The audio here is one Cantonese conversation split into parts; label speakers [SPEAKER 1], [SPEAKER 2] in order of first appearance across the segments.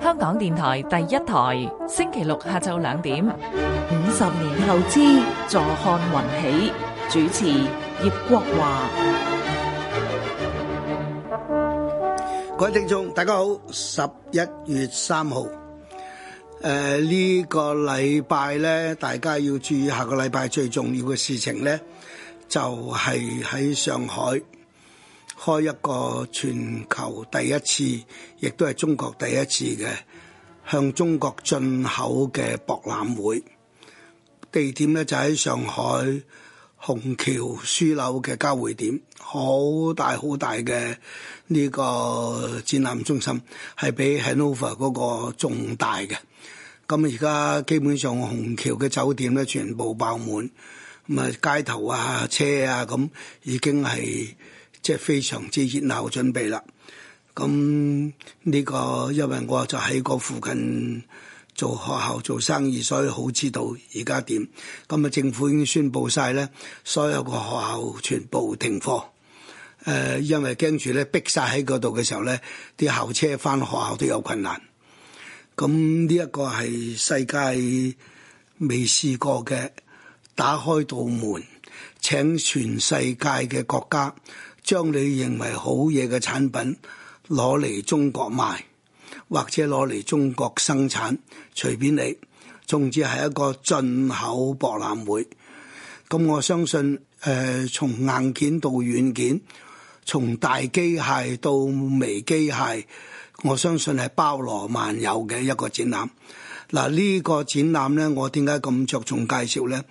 [SPEAKER 1] 香港電台第一台，星期六下晝兩點。五十年後之，坐看雲起。主持葉國華。各位聽眾，大家好。十一月三號，誒，呢個禮拜呢，大家要注意，下個禮拜最重要嘅事情呢，就係喺上海。開一個全球第一次，亦都係中國第一次嘅向中國進口嘅博覽會，地點咧就喺、是、上海虹橋樞紐嘅交匯點，好大好大嘅呢個展覽中心，係比喺 Hannover 嗰個仲大嘅。咁而家基本上虹橋嘅酒店咧全部爆滿，咁啊街頭啊車啊咁已經係。即係非常之熱鬧，準備啦。咁呢、呢個因為我就喺個附近做學校做生意，所以好知道而家點。咁啊，政府已經宣布晒咧，所有個學校全部停課。誒、呃，因為驚住咧逼晒喺嗰度嘅時候咧，啲校車返學校都有困難。咁呢一個係世界未試過嘅，打開道門，請全世界嘅國家。將你認為好嘢嘅產品攞嚟中國賣，或者攞嚟中國生產，隨便你。總之係一個進口博覽會。咁我相信，誒、呃，從硬件到軟件，從大機械到微機械，我相信係包羅萬有嘅一個展覽。嗱，呢、這個展覽呢，我點解咁着重介紹呢？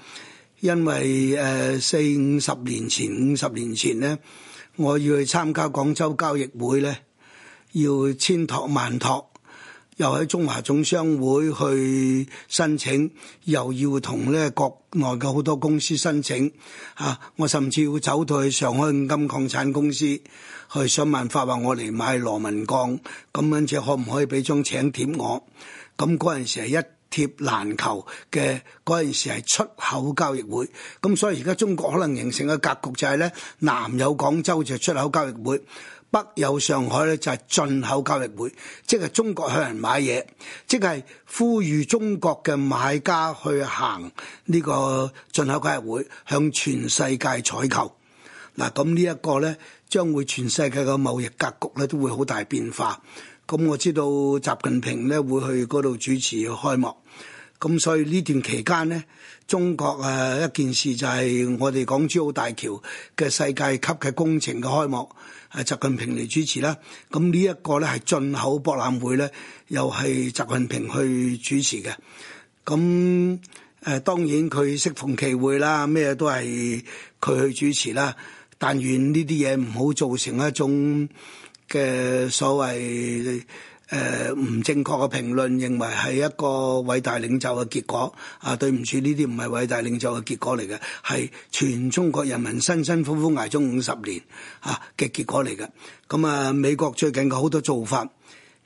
[SPEAKER 1] 因為誒、呃、四五十年前、五十年前呢。我要去參加廣州交易會咧，要千託萬託，又喺中華總商會去申請，又要同咧國內嘅好多公司申請嚇、啊，我甚至要走到去上海五金礦產公司去想辦法話我嚟買羅文鋼，咁樣子可唔可以俾張請帖我？咁嗰陣時係一貼籃球嘅嗰陣時係出口交易會，咁所以而家中國可能形成嘅格局就係呢，南有廣州就出口交易會，北有上海呢就係進口交易會，即係中國向人買嘢，即係呼籲中國嘅買家去行呢個進口交易會，向全世界採購。嗱，咁呢一個呢，將會全世界嘅貿易格局咧都會好大變化。咁、嗯、我知道習近平咧會去嗰度主持開幕，咁、嗯、所以呢段期間咧，中國誒、啊、一件事就係我哋港珠澳大橋嘅世界級嘅工程嘅開幕，係、啊、習近平嚟主持啦。咁、嗯這個、呢一個咧係進口博覽會咧，又係習近平去主持嘅。咁、嗯、誒、啊、當然佢適逢其會啦，咩都係佢去主持啦。但願呢啲嘢唔好造成一種嘅所謂誒唔正確嘅評論，認為係一個偉大領袖嘅結果啊！對唔住，呢啲唔係偉大領袖嘅結果嚟嘅，係全中國人民辛辛苦苦捱咗五十年啊嘅結果嚟嘅。咁啊，美國最近嘅好多做法，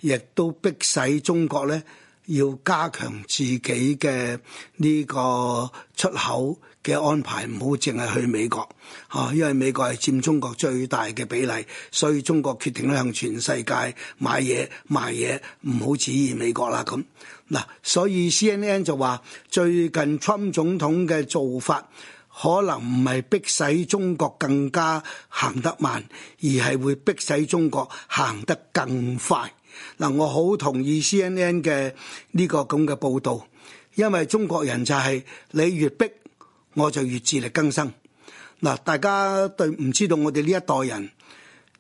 [SPEAKER 1] 亦都逼使中國咧要加強自己嘅呢個出口，嘅安排唔好，淨係去美國，嚇、啊，因為美國係佔中國最大嘅比例，所以中國決定向全世界買嘢賣嘢，唔好指意美國啦。咁嗱、啊，所以 C N N 就話最近 Trump 總統嘅做法可能唔係逼使中國更加行得慢，而係會逼使中國行得更快嗱、啊。我好同意 C N N 嘅呢個咁嘅報道，因為中國人就係、是、你越逼。我就越自力更生。嗱，大家對唔知道我哋呢一代人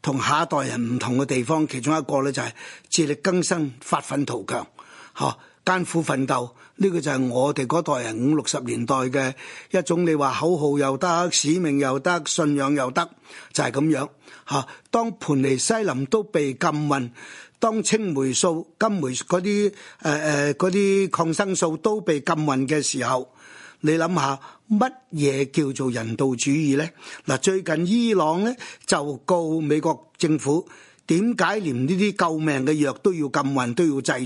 [SPEAKER 1] 同下一代人唔同嘅地方，其中一個咧就係、是、自力更生、發奮圖強、嗬艱苦奮鬥。呢、這個就係我哋嗰代人五六十年代嘅一種你話口號又得、使命又得、信仰又得，就係、是、咁樣。嗬，當盤尼西林都被禁運，當青霉素、金霉素嗰啲誒誒嗰啲抗生素都被禁運嘅時候。你諗下乜嘢叫做人道主義呢？嗱，最近伊朗咧就告美國政府，點解連呢啲救命嘅藥都要禁運、都要制裁？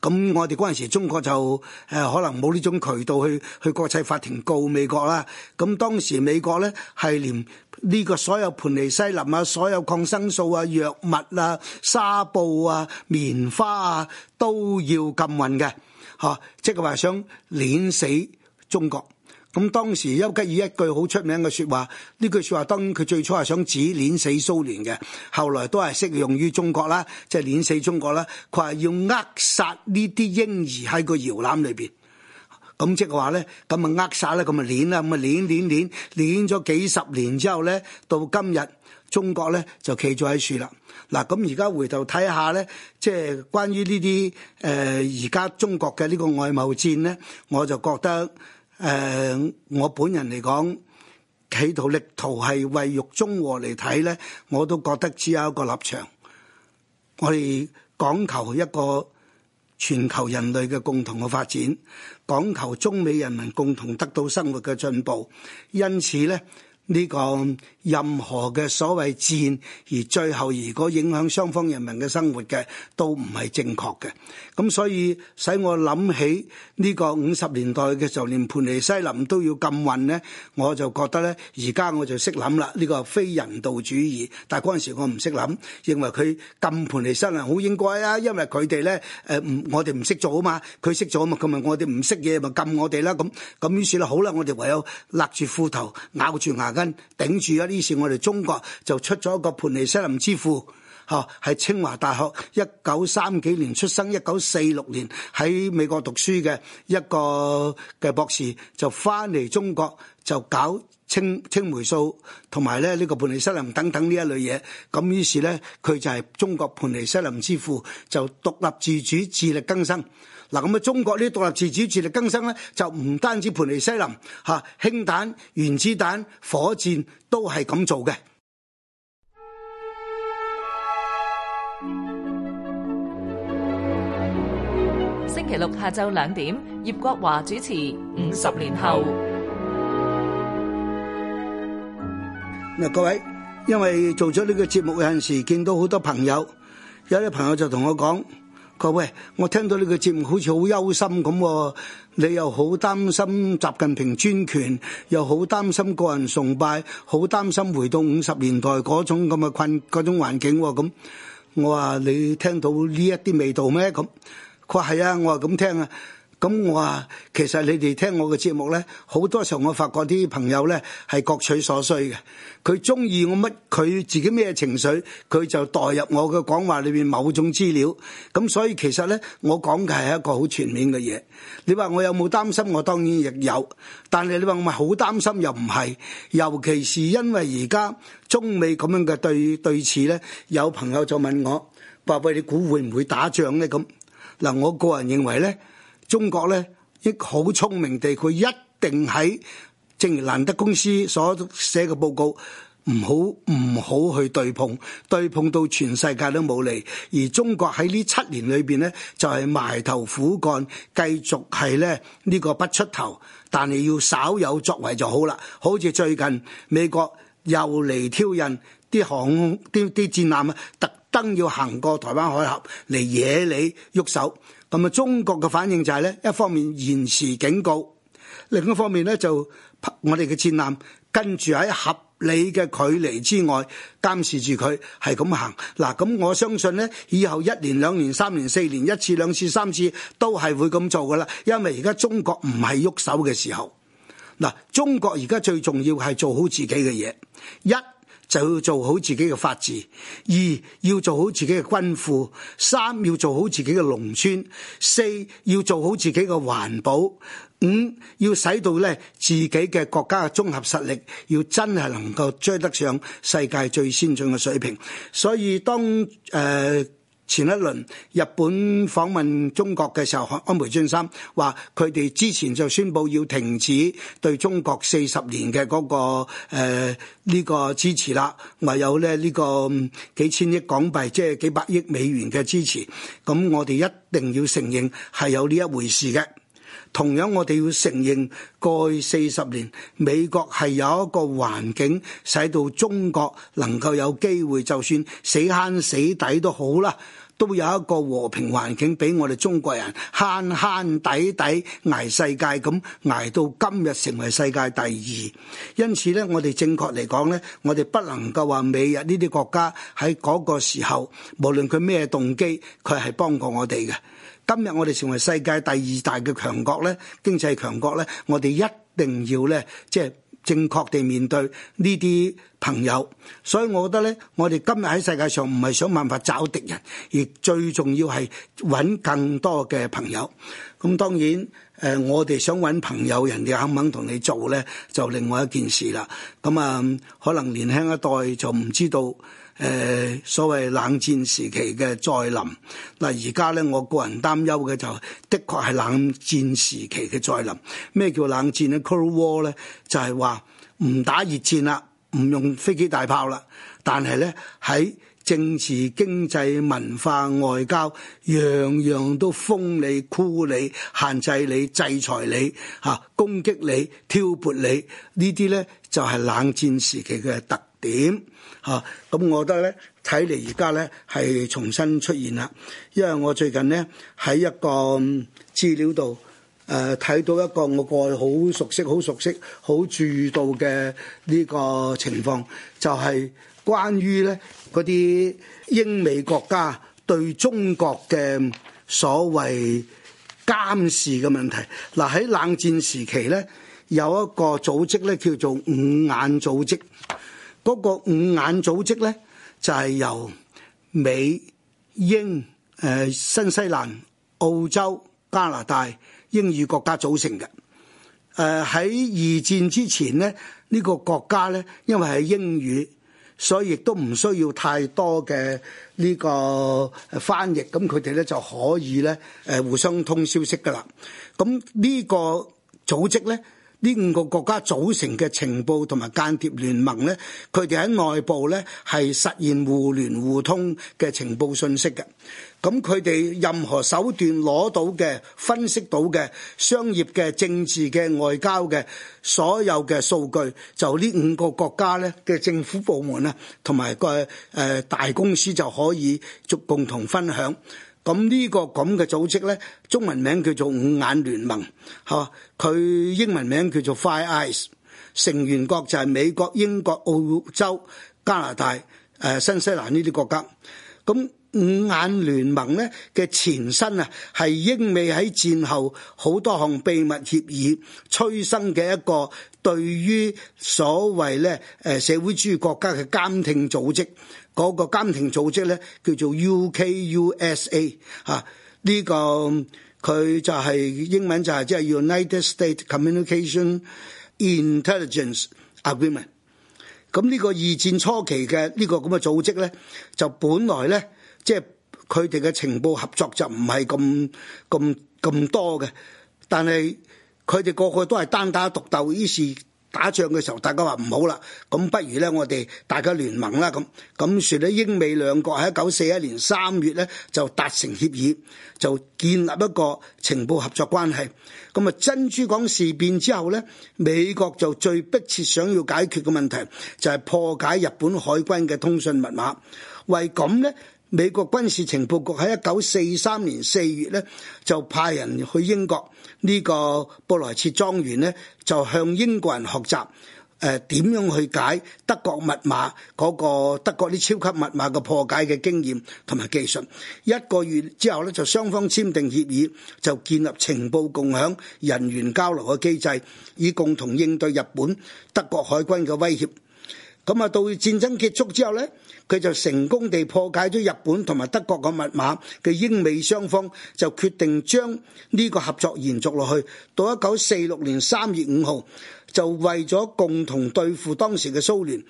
[SPEAKER 1] 咁我哋嗰陣時中國就誒、呃、可能冇呢種渠道去去國際法庭告美國啦。咁當時美國咧係連呢個所有盤尼西林啊、所有抗生素啊、藥物啊、紗布啊、棉花啊都要禁運嘅，嚇、啊，即係話想碾死。中國咁、嗯、當時丘吉爾一句好出名嘅説話，呢句説話當然佢最初係想指碾死蘇聯嘅，後來都係適用於中國啦，即係碾死中國啦。佢係要扼殺呢啲嬰兒喺個搖籃裏邊，咁、嗯、即係話咧，咁咪扼殺咧，咁咪碾啦，咁咪碾碾碾碾咗幾十年之後咧，到今日中國咧就企咗喺度啦。嗱、啊，咁而家回頭睇下咧，即係關於呢啲誒而家中國嘅呢個外貿戰咧，我就覺得。誒，uh, 我本人嚟講，企圖力圖係為玉中和嚟睇咧，我都覺得只有一個立場，我哋講求一個全球人類嘅共同嘅發展，講求中美人民共同得到生活嘅進步，因此咧。呢個任何嘅所謂戰，而最後如果影響雙方人民嘅生活嘅，都唔係正確嘅。咁所以使我諗起呢個五十年代嘅時候，連盤尼西林都要禁運咧，我就覺得咧，而家我就識諗啦。呢個係非人道主義，但係嗰陣時我唔識諗，認為佢禁盤尼西林好應該啊，因為佢哋咧，誒唔，我哋唔識做啊嘛，佢識做啊嘛，咁咪我哋唔識嘢咪禁我哋啦。咁咁於是啦，好啦，我哋唯有勒住褲頭咬住牙。頂住啊！於是，我哋中國就出咗一個盤尼西林之父，吓，係清華大學一九三幾年出生，一九四六年喺美國讀書嘅一個嘅博士，就返嚟中國就搞青青黴素同埋咧呢個盤尼西林等等呢一類嘢。咁於是呢，佢就係中國盤尼西林之父，就獨立自主、自力更生。嗱，咁啊，中國呢獨立自主、自力更生咧，就唔單止盤尼西林，吓，氫彈、原子彈、火箭都係咁做嘅。星期六下晝兩點，葉國華主持《五十年後》。嗱，各位，因為做咗呢個節目有陣時，見到好多朋友，有啲朋友就同我講。各喂，我聽到呢個節目好似好憂心咁喎，哦，你又好擔心習近平專權，又好擔心個人崇拜，好擔心回到五十年代嗰種咁嘅困嗰種環境喎，哦，咁。我話你聽到呢一啲味道咩？咁佢話係啊，我話咁聽啊。咁我啊，其實你哋聽我嘅節目咧，好多時候我發覺啲朋友咧係各取所需嘅。佢中意我乜，佢自己咩情緒，佢就代入我嘅講話裏面某種資料。咁所以其實咧，我講嘅係一個好全面嘅嘢。你話我有冇擔心？我當然亦有。但係你話我咪好擔心，又唔係。尤其是因為而家中美咁樣嘅對對峙咧，有朋友就問我：伯伯，你估會唔會打仗咧？咁嗱，我個人認為咧。中國咧，亦好聰明地，佢一定喺，正如蘭德公司所寫嘅報告，唔好唔好去對碰，對碰到全世界都冇利。而中國喺呢七年裏邊咧，就係、是、埋頭苦幹，繼續係咧呢、這個不出頭，但係要稍有作為就好啦。好似最近美國又嚟挑釁，啲航空啲啲戰艦啊，特登要行過台灣海峽嚟惹你喐手。咁啊，中國嘅反應就係咧，一方面延時警告，另一方面咧就我哋嘅戰艦跟住喺合理嘅距離之外監視住佢，係咁行。嗱，咁我相信咧，以後一年、兩年、三年、四年，一次、兩次、三次，都係會咁做噶啦。因為而家中國唔係喐手嘅時候。嗱，中國而家最重要係做好自己嘅嘢一。就要做好自己嘅法治，二要做好自己嘅軍富，三要做好自己嘅農村，四要做好自己嘅環保，五要使到咧自己嘅國家嘅綜合實力要真係能夠追得上世界最先進嘅水平。所以當誒。呃前一輪日本訪問中國嘅時候，安倍晉三話佢哋之前就宣布要停止對中國四十年嘅嗰個、呃、呢個支持啦，還有咧呢個幾千億港幣，即係幾百億美元嘅支持，咁我哋一定要承認係有呢一回事嘅。同樣，我哋要承認過去四十年，美國係有一個環境，使到中國能夠有機會，就算死慳死抵都好啦，都有一個和平環境俾我哋中國人慳慳抵抵捱世界，咁捱到今日成為世界第二。因此咧，我哋正確嚟講咧，我哋不能夠話美日呢啲國家喺嗰個時候，無論佢咩動機，佢係幫過我哋嘅。今日我哋成為世界第二大嘅強國咧，經濟強國咧，我哋一定要咧，即係正確地面對呢啲朋友。所以，我覺得咧，我哋今日喺世界上唔係想辦法找敵人，而最重要係揾更多嘅朋友。咁當然，誒、呃、我哋想揾朋友，人哋肯唔肯同你做咧，就另外一件事啦。咁啊、嗯，可能年輕一代就唔知道。誒、呃、所謂冷戰時期嘅再臨，嗱而家咧，我個人擔憂嘅就是，的確係冷戰時期嘅再臨。咩叫冷戰咧？Cold War 咧，就係話唔打熱戰啦，唔用飛機大炮啦，但係咧喺政治、經濟、文化、外交，樣樣都封你、箍你、限制你、制裁你、嚇攻擊你、挑撥你，呢啲咧就係、是、冷戰時期嘅特點。嚇！咁、嗯、我覺得咧，睇嚟而家咧係重新出現啦。因為我最近咧喺一個資料度誒睇到一個我過去好熟悉、好熟悉、好注意到嘅呢個情況，就係、是、關於咧嗰啲英美國家對中國嘅所謂監視嘅問題。嗱、呃，喺冷戰時期咧，有一個組織咧叫做五眼組織。嗰個五眼組織咧，就係、係、由美、英、誒、呃、新西蘭、澳洲、加拿大英語國家組成嘅。誒、呃、喺二戰之前咧，呢、呢個國家咧，因為係英語，所以亦都唔需要太多嘅呢個翻譯，咁佢哋咧就可以咧誒互相通消息㗎啦。咁呢個組織咧。呢五個國家組成嘅情報同埋間諜聯盟呢，佢哋喺內部呢係實現互聯互通嘅情報信息嘅。咁佢哋任何手段攞到嘅、分析到嘅、商業嘅、政治嘅、外交嘅所有嘅數據，就呢五個國家呢嘅政府部門呢，同埋個誒大公司就可以逐共同分享。咁呢個咁嘅組織呢，中文名叫做五眼聯盟，嚇佢英文名叫做 Five Eyes，成員國就係美國、英國、澳洲、加拿大、誒新西蘭呢啲國家。咁五眼聯盟呢嘅前身啊，係英美喺戰後好多項秘密協議催生嘅一個對於所謂呢誒社會主義國家嘅監聽組織。嗰個監聽組織咧，叫做 UKUSA，啊，呢個佢就係英文就係即係 United States Communication Intelligence Agreement。咁呢個二戰初期嘅呢個咁嘅組織咧，就本來咧即係佢哋嘅情報合作就唔係咁咁咁多嘅，但係佢哋個個都係單打獨鬥，於是。打仗嘅時候，大家話唔好啦，咁不如咧，我哋大家聯盟啦，咁咁說咧，英美兩國喺一九四一年三月咧就達成協議，就建立一個情報合作關係。咁啊，珍珠港事變之後咧，美國就最迫切想要解決嘅問題，就係破解日本海軍嘅通訊密碼。為咁咧，美國軍事情報局喺一九四三年四月咧就派人去英國。呢個布萊切莊園呢，就向英國人學習，誒、呃、點樣去解德國密碼嗰個德國啲超級密碼嘅破解嘅經驗同埋技術。一個月之後呢，就雙方簽訂協議，就建立情報共享、人員交流嘅機制，以共同應對日本德國海軍嘅威脅。咁啊，到戰爭結束之後咧，佢就成功地破解咗日本同埋德國嘅密碼。嘅英美雙方就決定將呢個合作延續落去。到一九四六年三月五號，就為咗共同對付當時嘅蘇聯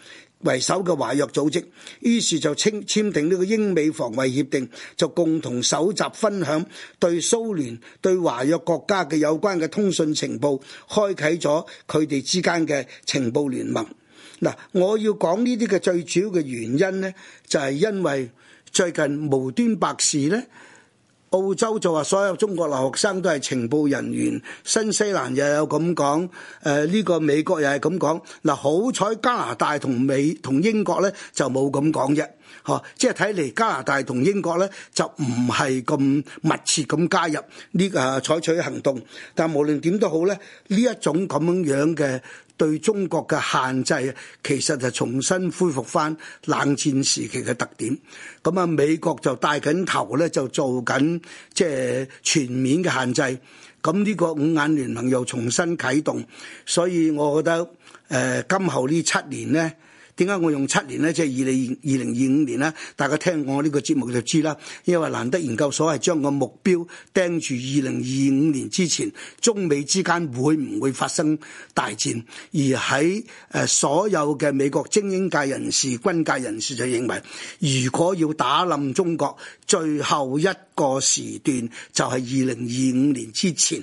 [SPEAKER 1] 為首嘅華約組織，於是就簽簽訂呢個英美防衛協定，就共同蒐集分享對蘇聯對華約國家嘅有關嘅通訊情報，開啟咗佢哋之間嘅情報聯盟。嗱，我要講呢啲嘅最主要嘅原因咧，就係、是、因為最近無端白事咧，澳洲就話所有中國留學生都係情報人員，新西蘭又有咁講，誒、呃、呢、呢個美國又係咁講，嗱，好彩加拿大同美同英國咧就冇咁講啫。即係睇嚟加拿大同英國咧就唔係咁密切咁加入呢個採取行動，但無論點都好咧，呢一種咁樣嘅對中國嘅限制，其實係重新恢復翻冷戰時期嘅特點。咁啊，美國就帶緊頭咧，就做緊即係全面嘅限制。咁呢個五眼聯盟又重新啟動，所以我覺得誒，今後呢七年呢。點解我用七年呢？即係二零二零二五年呢？大家聽我呢個節目就知啦。因為蘭德研究所係將個目標盯住二零二五年之前，中美之間會唔會發生大戰？而喺誒所有嘅美國精英界人士、軍界人士就認為，如果要打冧中國，最後一個時段就係二零二五年之前。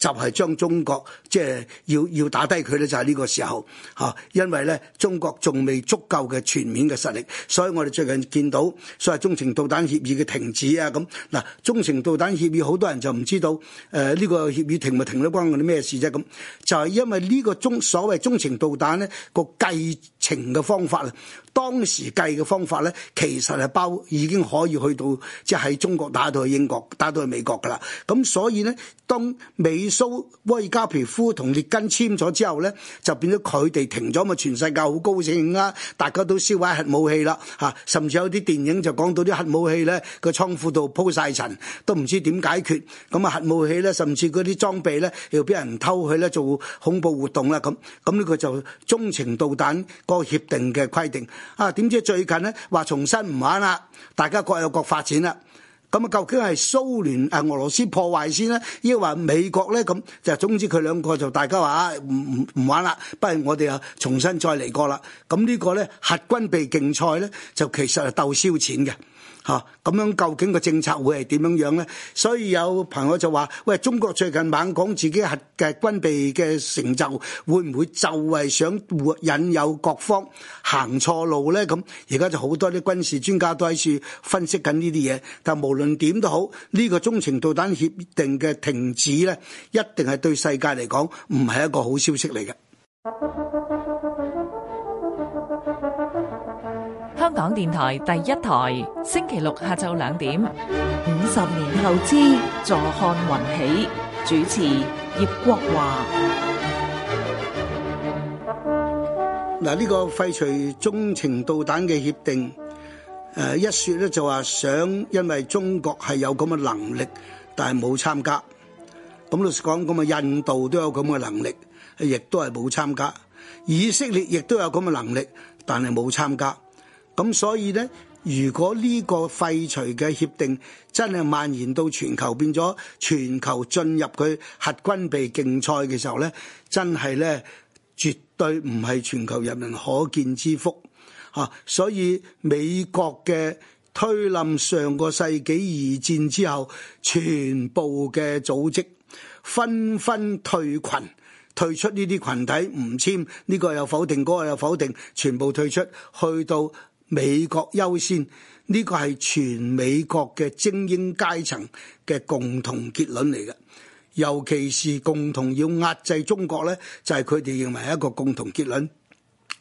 [SPEAKER 1] 就係將中國即係、就是、要要打低佢咧，就係、是、呢個時候嚇、啊，因為咧中國仲未足夠嘅全面嘅實力，所以我哋最近見到所謂中程導彈協議嘅停止啊，咁，嗱中程導彈協議好多人就唔知道，誒、呃、呢、這個協議停咪停咗關我哋咩事啫？咁、啊，就係、是、因為呢個中所謂中程導彈咧個計情嘅方法啦，當時計嘅方法咧，其實係包括已經可以去到即係喺中國打到去英國，打到去美國㗎啦。咁所以咧，當美蘇威爾加皮夫同列根簽咗之後咧，就變咗佢哋停咗嘛，全世界好高興啊！大家都銷毀核武器啦，嚇，甚至有啲電影就講到啲核武器咧個倉庫度鋪晒塵，都唔知點解決。咁啊，核武器咧，甚至嗰啲裝備咧，又俾人偷去咧做恐怖活動啦。咁咁呢個就中程導彈。個協定嘅規定啊，點知最近咧話重新唔玩啦，大家各有各發展啦。咁、嗯、啊，究竟係蘇聯誒、呃、俄羅斯破壞先呢？抑或美國呢？咁就總之佢兩個就大家話啊唔唔玩啦，不如我哋又重新再嚟過啦。咁、嗯、呢、呢個呢，核軍備競賽呢，就其實係鬥燒錢嘅。吓咁樣究竟個政策會係點樣樣呢？所以有朋友就話：喂，中國最近猛講自己核嘅軍備嘅成就，會唔會就係想引誘各方行錯路呢？咁而家就好多啲軍事專家都喺處分析緊呢啲嘢。但無論點都好，呢個中程導彈協定嘅停止咧，一定係對世界嚟講唔係一個好消息嚟嘅。港電台第一台，星期六下晝兩點。五十年後之，坐看雲起。主持葉國華。嗱，呢個廢除中程導彈嘅協定，誒，一說咧就話想，因為中國係有咁嘅能力，但係冇參加。咁老實講，咁啊，印度都有咁嘅能力，亦都係冇參加。以色列亦都有咁嘅能力，但係冇參加。咁所以呢，如果呢個廢除嘅協定真係蔓延到全球，變咗全球進入佢核軍備競賽嘅時候呢，真係呢，絕對唔係全球人民可見之福嚇、啊。所以美國嘅推冧上個世紀二戰之後，全部嘅組織紛紛紛退群，退出呢啲群體，唔簽，呢個又否定，嗰個又否定，全部退出，去到。美國優先呢個係全美國嘅精英階層嘅共同結論嚟嘅，尤其是共同要壓制中國呢就係佢哋認為係一個共同結論。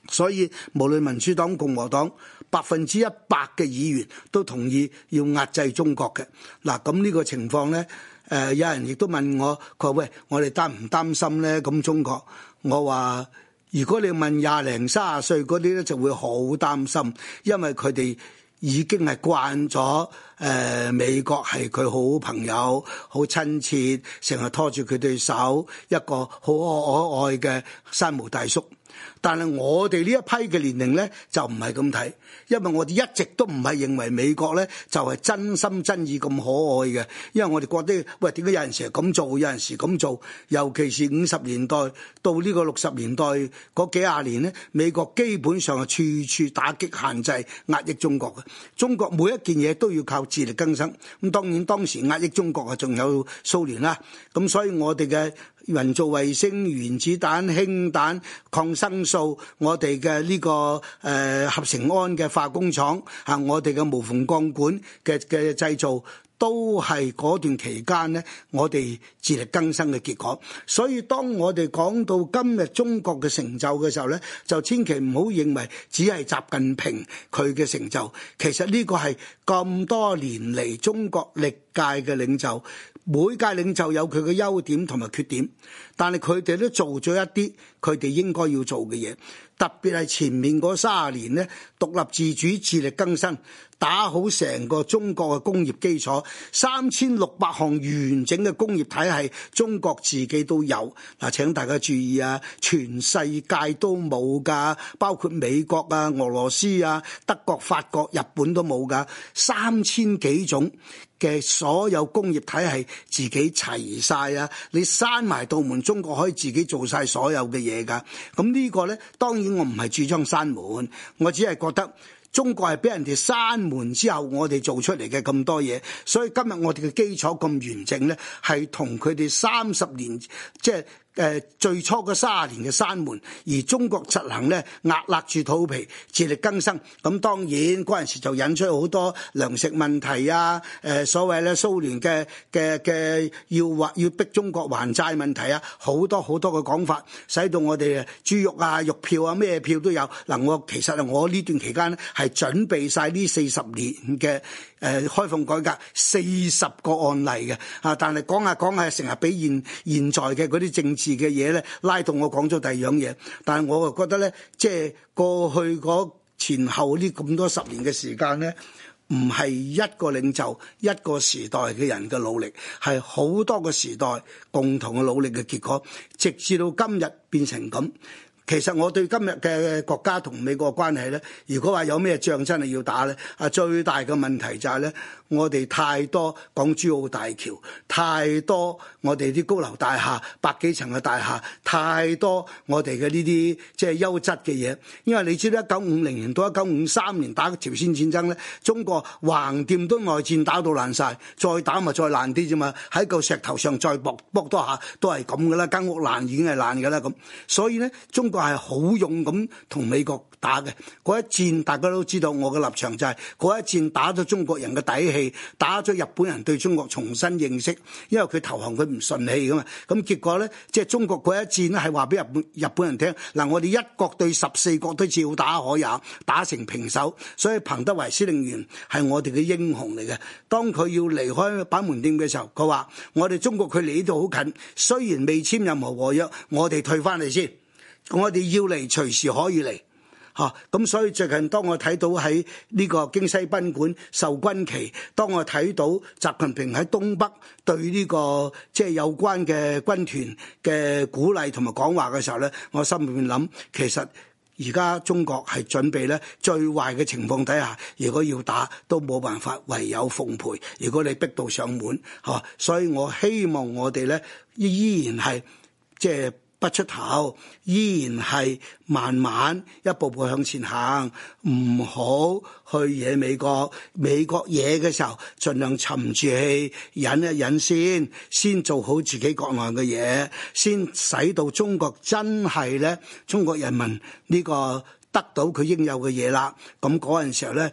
[SPEAKER 1] 所以無論民主黨、共和黨，百分之一百嘅議員都同意要壓制中國嘅。嗱，咁呢個情況呢，誒、呃、有人亦都問我，佢話喂，我哋擔唔擔心呢？咁中國，我話。如果你問廿零、三十歲啲咧，就會好擔心，因為佢哋已經係慣咗誒美國係佢好朋友，好親切，成日拖住佢對手一個好可愛嘅山姆大叔。但係我哋呢一批嘅年齡呢，就唔係咁睇，因為我哋一直都唔係認為美國呢，就係真心真意咁可愛嘅，因為我哋覺得喂，點解有陣時咁做，有陣時咁做，尤其是五十年代到呢個六十年代嗰幾廿年呢，美國基本上係處處打擊、限制、壓抑中國嘅，中國每一件嘢都要靠自力更生。咁當然當時壓抑中國嘅仲有蘇聯啦，咁所以我哋嘅。人造衛星、原子彈、氫彈、抗生素，我哋嘅呢個誒合成氨嘅化工廠，吓我哋嘅無縫鋼管嘅嘅製造，都係嗰段期間咧，我哋。自力更生嘅結果，所以當我哋講到今日中國嘅成就嘅時候咧，就千祈唔好認為只係習近平佢嘅成就，其實呢個係咁多年嚟中國歷屆嘅領袖，每屆領袖有佢嘅優點同埋缺點，但係佢哋都做咗一啲佢哋應該要做嘅嘢，特別係前面嗰三十年咧，獨立自主、自力更生，打好成個中國嘅工業基礎，三千六百項完整嘅工業體系。係中國自己都有嗱，請大家注意啊！全世界都冇噶，包括美國啊、俄羅斯啊、德國、法國、日本都冇噶，三千幾種嘅所有工業體系自己齊晒啊！你閂埋道門，中國可以自己做晒所有嘅嘢噶。咁呢個呢，當然我唔係主張閂門，我只係覺得。中國係俾人哋閂門之後，我哋做出嚟嘅咁多嘢，所以今日我哋嘅基礎咁完整咧，係同佢哋三十年即係。誒，最初嗰卅年嘅閂門，而中國實行咧壓勒住肚皮自力更生，咁當然嗰陣時就引出好多糧食問題啊！誒、呃，所謂咧蘇聯嘅嘅嘅要話要逼中國還債問題啊，好多好多嘅講法，使到我哋豬肉啊、肉票啊、咩票都有。嗱，我其實我呢段期間係準備晒呢四十年嘅。誒、呃、開放改革四十個案例嘅嚇、啊，但係講下講下成日俾現現在嘅嗰啲政治嘅嘢咧拉到我講咗第二樣嘢，但係我又覺得呢，即係過去嗰前後呢咁多十年嘅時間呢，唔係一個領袖一個時代嘅人嘅努力，係好多個時代共同嘅努力嘅結果，直至到今日變成咁。其實我對今日嘅國家同美國嘅關係咧，如果話有咩仗真係要打呢？啊最大嘅問題就係呢：我哋太多港珠澳大橋，太多我哋啲高樓大廈百幾層嘅大廈，太多我哋嘅呢啲即係優質嘅嘢。因為你知道，一九五零年到一九五三年打朝鮮戰爭呢，中國橫掂都內戰打到爛晒，再打咪再爛啲啫嘛，喺個石頭上再搏搏多下都係咁噶啦，間屋爛已經係爛噶啦咁，所以呢，中國。係好勇咁同美國打嘅嗰一戰，大家都知道我嘅立場就係、是、嗰一戰打咗中國人嘅底氣，打咗日本人對中國重新認識。因為佢投降，佢唔順氣噶嘛。咁結果呢，即係中國嗰一戰咧，係話俾日本，日本人聽嗱，我哋一國對十四國都照打可也，打成平手。所以彭德懷司令員係我哋嘅英雄嚟嘅。當佢要離開板門店嘅時候，佢話：我哋中國距離呢度好近，雖然未簽任何和約，我哋退翻嚟先。我哋要嚟，隨時可以嚟，嚇！咁所以最近，當我睇到喺呢個京西賓館受軍旗，當我睇到習近平喺東北對呢、這個即係、就是、有關嘅軍團嘅鼓勵同埋講話嘅時候咧，我心裏面諗，其實而家中國係準備咧，最壞嘅情況底下，如果要打都冇辦法，唯有奉陪。如果你逼到上門，嚇！所以我希望我哋咧依然係即係。就是不出頭，依然係慢慢一步步向前行，唔好去惹美國。美國惹嘅時候，儘量沉住氣，忍一忍先，先做好自己國內嘅嘢，先使到中國真係咧，中國人民呢、呢個得到佢應有嘅嘢啦。咁嗰陣時候咧。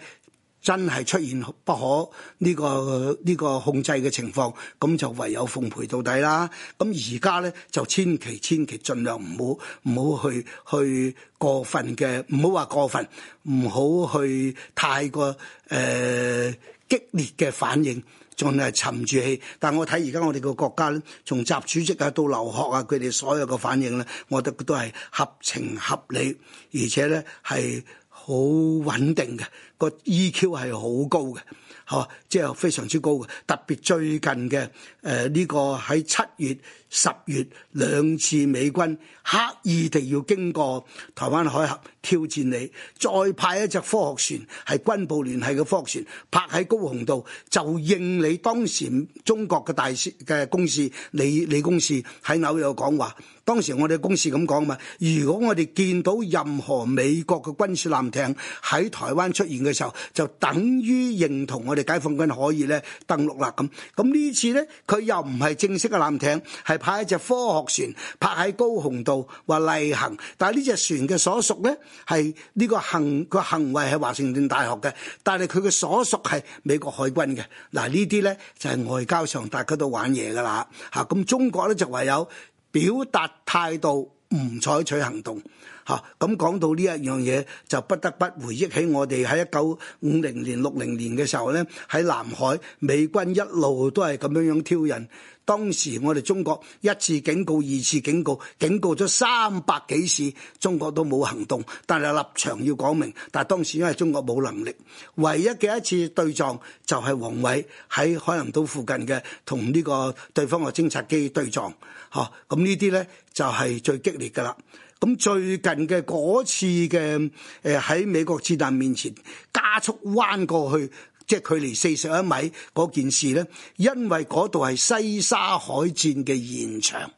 [SPEAKER 1] 真係出現不可呢、呢個呢、呢個控制嘅情況，咁就唯有奉陪到底啦。咁而家呢，就千祈千祈，盡量唔好唔好去去過分嘅，唔好話過分，唔好去太過誒、呃、激烈嘅反應，盡量沉住氣。但我睇而家我哋個國家呢，從習主席啊到劉鶴啊，佢哋所有嘅反應呢，我覺得都係合情合理，而且呢係好穩定嘅。個 EQ 係好高嘅，吓，即係非常之高嘅。特別最近嘅誒呢個喺七月、十月兩次美軍刻意地要經過台灣海峽挑戰你，再派一隻科學船係軍部聯繫嘅科學船泊喺高雄度，就應你當時中國嘅大嘅公事，你你公事喺紐約講話。當時我哋公事咁講嘛，如果我哋見到任何美國嘅軍事艦艇喺台灣出現，嘅時候就等於認同我哋解放軍可以咧登陸啦咁，咁呢次咧佢又唔係正式嘅艦艇，係派一隻科學船泊喺高雄度話例行，但係呢隻船嘅所屬咧係呢個行個行為係華盛頓大學嘅，但係佢嘅所屬係美國海軍嘅，嗱呢啲咧就係外交上大家都玩嘢噶啦吓，咁中國咧就唯有表達態度，唔採取行動。嚇！咁講到呢一樣嘢，就不得不回憶起我哋喺一九五零年、六零年嘅時候呢，喺南海，美軍一路都係咁樣樣挑釁。當時我哋中國一次警告、二次警告，警告咗三百幾次，中國都冇行動。但係立場要講明。但係當時因為中國冇能力，唯一嘅一次對撞就係王偉喺海南島附近嘅同呢個對方嘅偵察機對撞。嚇！咁呢啲呢，就係最激烈㗎喇。咁最近嘅嗰次嘅誒、呃、喺美國戰艦面前加速彎過去，即係距離四十一米嗰件事咧，因為嗰度係西沙海戰嘅現場。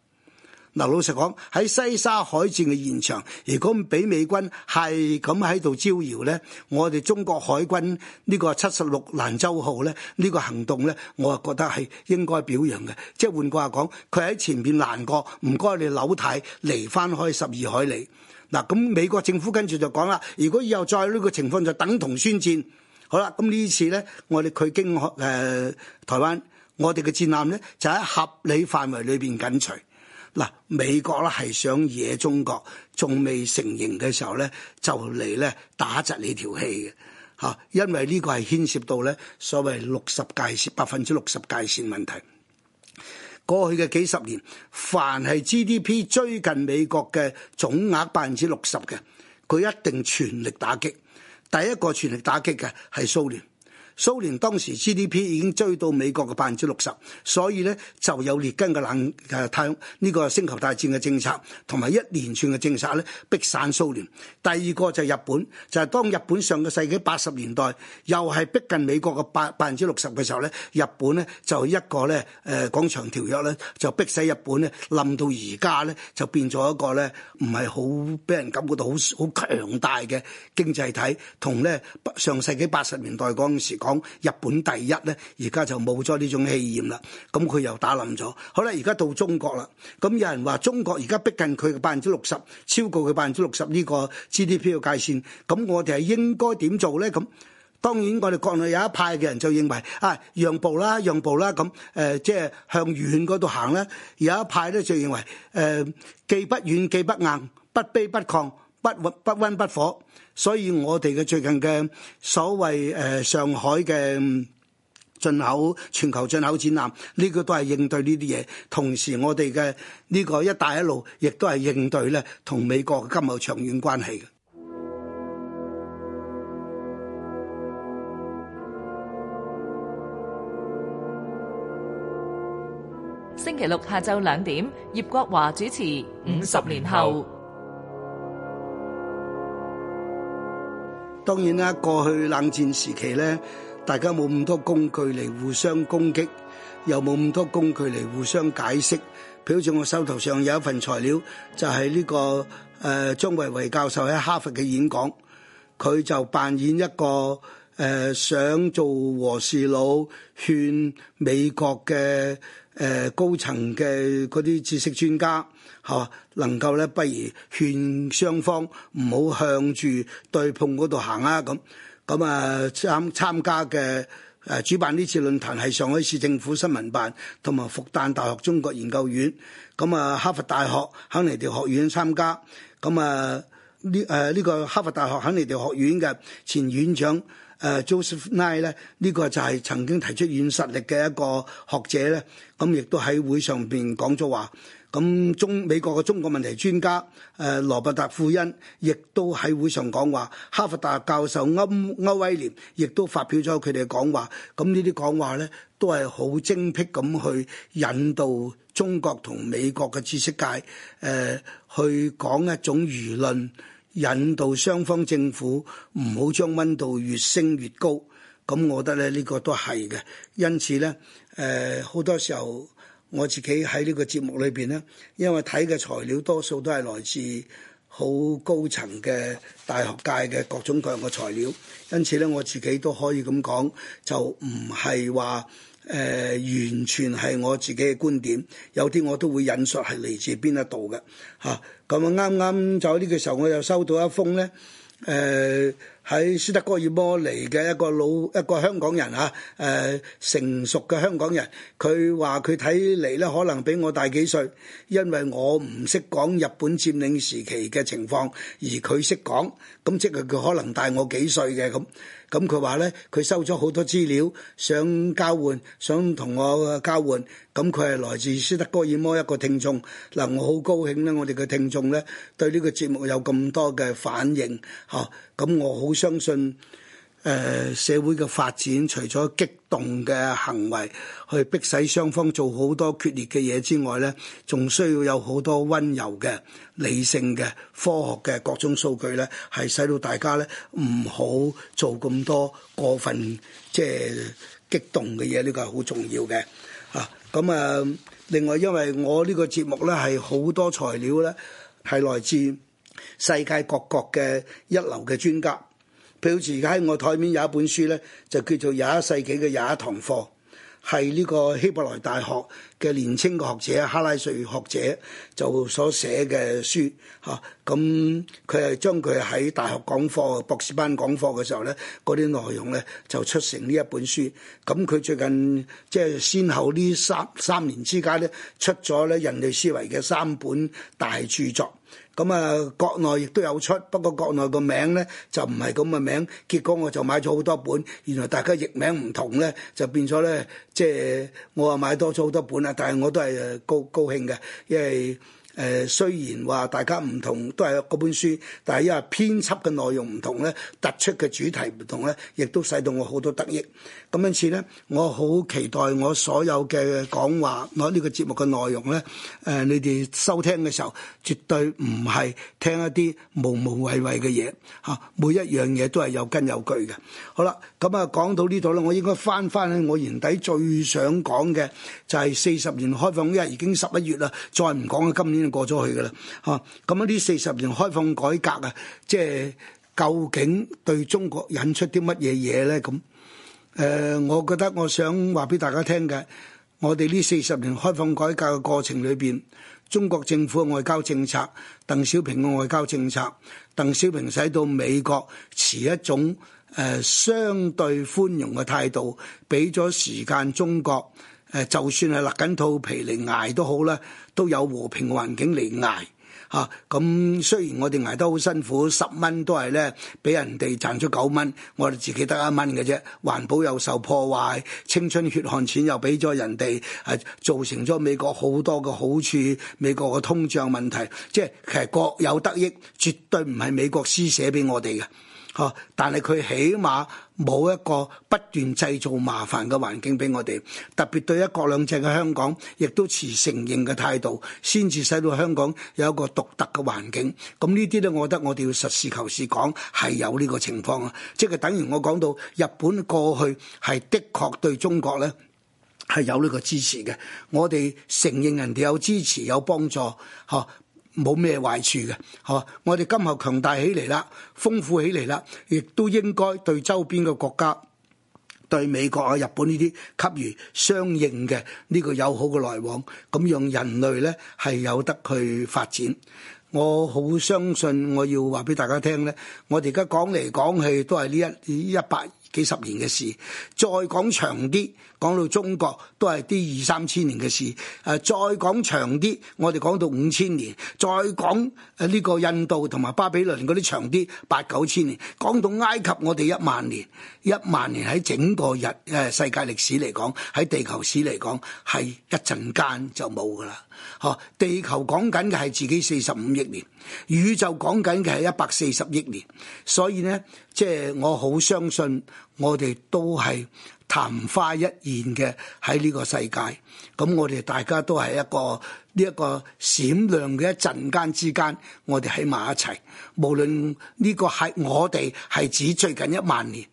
[SPEAKER 1] 嗱，老實講喺西沙海戰嘅現場，如果俾美軍係咁喺度招搖呢，我哋中國海軍呢個七十六蘭州號呢，呢個行動呢，我覺得係應該表揚嘅。即係換句話講，佢喺前邊攔過，唔該你扭軚離翻開十二海里。嗱，咁美國政府跟住就講啦，如果以後再有呢個情況就等同宣戰。好啦，咁呢次呢，我哋佢經誒、呃、台灣，我哋嘅戰艦呢，就喺合理範圍裏邊緊隨。嗱，美國咧係想惹中國，仲未承認嘅時候咧，就嚟咧打窒你條氣嘅嚇，因為呢個係牽涉到咧所謂六十界線百分之六十界線問題。過去嘅幾十年，凡係 GDP 追近美國嘅總額百分之六十嘅，佢一定全力打擊。第一個全力打擊嘅係蘇聯。蘇聯當時 GDP 已經追到美國嘅百分之六十，所以咧就有列根嘅冷，誒太空呢、呢個星球大戰嘅政策，同埋一連串嘅政策咧逼散蘇聯。第二個就係日本，就係、是、當日本上個世紀八十年代又係逼近美國嘅百百分之六十嘅時候咧，日本咧就一個咧誒廣場條約咧就逼使日本咧冧到而家咧就變咗一個咧唔係好俾人感覺到好好強大嘅經濟體同咧上世紀八十年代嗰陣時。日本第一咧，而家就冇咗呢種氣焰啦。咁佢又打冧咗。好啦，而家到中國啦。咁有人話中國而家逼近佢嘅百分之六十，超過佢百分之六十呢個 GDP 嘅界線。咁我哋係應該點做咧？咁當然我哋國內有一派嘅人就認為啊、哎，讓步啦，讓步啦。咁誒、呃，即係向軟嗰度行咧。有一派咧就認為誒，既、呃、不軟，既不硬，不卑不亢。不温不温不火，所以我哋嘅最近嘅所謂誒、呃、上海嘅進口全球進口展覽，呢、這個都係應對呢啲嘢。同時我哋嘅呢個一帶一路亦都係應對咧同美國嘅金融長遠關係嘅。星期六下晝兩點，葉國華主持五十年後。年後當然啦，過去冷戰時期咧，大家冇咁多工具嚟互相攻擊，又冇咁多工具嚟互相解釋。譬如好似我手頭上有一份材料，就係呢個誒張維為教授喺哈佛嘅演講，佢就扮演一個誒想做和事佬，勸美國嘅。誒高層嘅嗰啲知識專家嚇、啊，能夠咧，不如勸雙方唔好向住對碰嗰度行啊！咁咁啊參參加嘅誒，主辦呢次論壇係上海市政府新聞辦，同埋復旦大學中國研究院，咁啊哈佛大學肯尼迪學院參加，咁啊呢誒呢個哈佛大學肯尼迪學院嘅前院長。誒 Joseph Nye 咧，呢個就係曾經提出軟實力嘅一個學者咧，咁亦都喺會上邊講咗話。咁中美國嘅中國問題專家，誒、呃、羅伯特庫恩，亦都喺會上講話。哈佛大學教授歐歐威廉，亦都發表咗佢哋嘅講話。咁呢啲講話咧，都係好精辟咁去引導中國同美國嘅知識界，誒、呃、去講一種輿論。引導雙方政府唔好將溫度越升越高，咁我覺得咧呢個都係嘅。因此呢，誒、呃、好多時候我自己喺呢個節目裏邊呢，因為睇嘅材料多數都係來自好高層嘅大學界嘅各種各樣嘅材料，因此呢，我自己都可以咁講，就唔係話。誒、呃、完全係我自己嘅觀點，有啲我都會引述係嚟自邊一度嘅吓，咁啊啱啱就喺呢個時候，我又收到一封咧誒。呃喺斯德哥爾摩嚟嘅一個老一個香港人嚇，誒成熟嘅香港人，佢話佢睇嚟咧可能比我大幾歲，因為我唔識講日本佔領時期嘅情況，而佢識講，咁即係佢可能大我幾歲嘅咁。咁佢話咧，佢收咗好多資料，想交換，想同我交換。咁佢係來自斯德哥爾摩一個聽眾。嗱，我好高興咧，我哋嘅聽眾咧對呢個節目有咁多嘅反應嚇，咁我好。相信誒、呃、社會嘅發展，除咗激動嘅行為去逼使雙方做好多決裂嘅嘢之外咧，仲需要有好多溫柔嘅、理性嘅、科學嘅各種數據咧，係使到大家咧唔好做咁多過分即係、就是、激動嘅嘢，呢個係好重要嘅。啊，咁、嗯、啊！另外，因為我呢個節目咧係好多材料咧係來自世界各國嘅一流嘅專家。譬如而家喺我台面有一本書咧，就叫做《廿一世紀嘅廿一堂課》，係呢個希伯來大學嘅年輕嘅學者、哈拉瑞學者就所寫嘅書吓，咁佢係將佢喺大學講課、博士班講課嘅時候咧，嗰啲內容咧就出成呢一本書，咁佢最近即係、就是、先後呢三三年之間咧，出咗咧人類思維嘅三本大著作。咁啊，國內亦都有出，不過國內個名咧就唔係咁嘅名，結果我就買咗好多本，原來大家譯名唔同咧，就變咗咧，即係我話買多咗好多本啊，但係我都係高高興嘅，因為。誒雖然話大家唔同，都係嗰本書，但係因為編輯嘅內容唔同咧，突出嘅主題唔同咧，亦都使到我好多得益。咁因此咧，我好期待我所有嘅講話，攞、這個、呢個節目嘅內容咧，誒、呃、你哋收聽嘅時候，絕對唔係聽一啲無無謂謂嘅嘢吓，每一樣嘢都係有根有據嘅。好啦，咁啊講到呢度咧，我應該翻翻去我年底最想講嘅就係四十年開放一日已經十一月啦，再唔講啦，今年。過咗去噶啦，吓，咁呢四十年開放改革啊，即係究竟對中國引出啲乜嘢嘢呢？咁誒、呃，我覺得我想話俾大家聽嘅，我哋呢四十年開放改革嘅過程裏邊，中國政府嘅外交政策，鄧小平嘅外交政策，鄧小平使到美國持一種誒、呃、相對寬容嘅態度，俾咗時間中國。誒，就算係勒緊肚皮嚟挨都好啦，都有和平環境嚟挨吓。咁、啊、雖然我哋挨得好辛苦，十蚊都係咧俾人哋賺咗九蚊，我哋自己得一蚊嘅啫。環保又受破壞，青春血汗錢又俾咗人哋，係、啊、造成咗美國好多嘅好處。美國嘅通脹問題，即係其實各有得益，絕對唔係美國施捨俾我哋嘅。但係佢起碼冇一個不斷製造麻煩嘅環境俾我哋，特別對一國兩制嘅香港，亦都持承認嘅態度，先至使到香港有一個獨特嘅環境。咁呢啲咧，我覺得我哋要實事求是講，係有呢個情況啊，即係等於我講到日本過去係的確對中國呢係有呢個支持嘅，我哋承認人哋有支持有幫助，嚇。冇咩壞處嘅，嚇！我哋今後強大起嚟啦，豐富起嚟啦，亦都應該對周邊嘅國家，對美國啊、日本呢啲給予相應嘅呢個友好嘅來往，咁讓人類咧係有得去發展。我好相信，我要話俾大家聽咧，我哋而家講嚟講去都係呢一一百幾十年嘅事，再講長啲，講到中國都係啲二三千年嘅事。誒，再講長啲，我哋講到五千年，再講誒呢個印度同埋巴比倫嗰啲長啲八九千年，講到埃及我哋一萬年，一萬年喺整個日誒世界歷史嚟講，喺地球史嚟講係一陣間就冇㗎喇。地球講緊嘅係自己四十五億年，宇宙講緊嘅係一百四十億年，所以呢，即係我好相信，我哋都係曇花一現嘅喺呢個世界。咁我哋大家都係一個呢一個閃亮嘅一陣間之間，我哋喺埋一齊。無論呢個係我哋係指最近一萬年，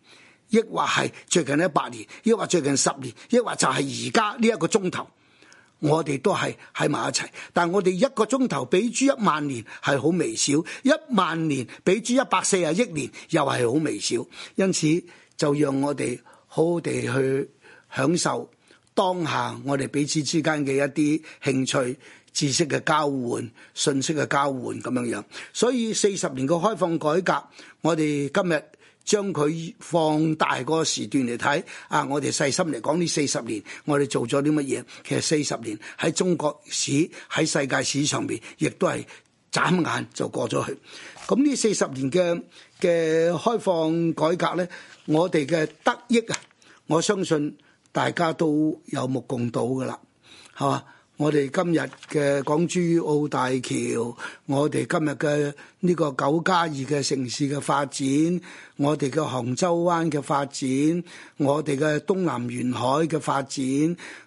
[SPEAKER 1] 抑或係最近一百年，抑或最近十年，抑或就係而家呢一個鐘頭。我哋都係喺埋一齊，但我哋一個鐘頭比諸一萬年係好微小，一萬年比諸一百四十億年又係好微小，因此就讓我哋好好地去享受當下，我哋彼此之間嘅一啲興趣。知識嘅交換、信息嘅交換咁樣樣，所以四十年嘅開放改革，我哋今日將佢放大嗰個時段嚟睇，啊，我哋細心嚟講呢四十年，我哋做咗啲乜嘢？其實四十年喺中國史、喺世界史上面亦都係眨眼就過咗去。咁呢四十年嘅嘅開放改革呢，我哋嘅得益，啊，我相信大家都有目共睹㗎喇，係嘛？我哋今日嘅港珠澳大橋，我哋今日嘅呢個九加二嘅城市嘅發展，我哋嘅杭州灣嘅發展，我哋嘅東南沿海嘅發展，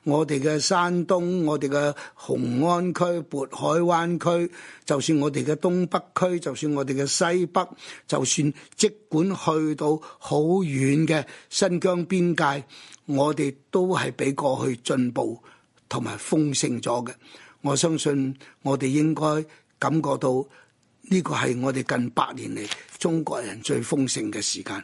[SPEAKER 1] 我哋嘅山東，我哋嘅紅安區、渤海灣區，就算我哋嘅東北區，就算我哋嘅西北，就算即管去到好遠嘅新疆邊界，我哋都係比過去進步。同埋豐盛咗嘅，我相信我哋應該感覺到呢個係我哋近百年嚟中國人最豐盛嘅時間。